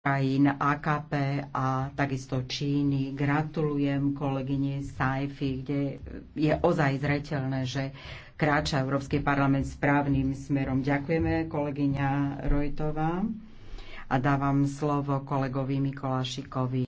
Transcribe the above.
krajín AKP a takisto Číny. Gratulujem kolegyne Saifi, kde je ozaj zreteľné, že kráča Európsky parlament správnym smerom. Ďakujeme kolegyňa Rojtová a dávam slovo kolegovi Mikolašikovi.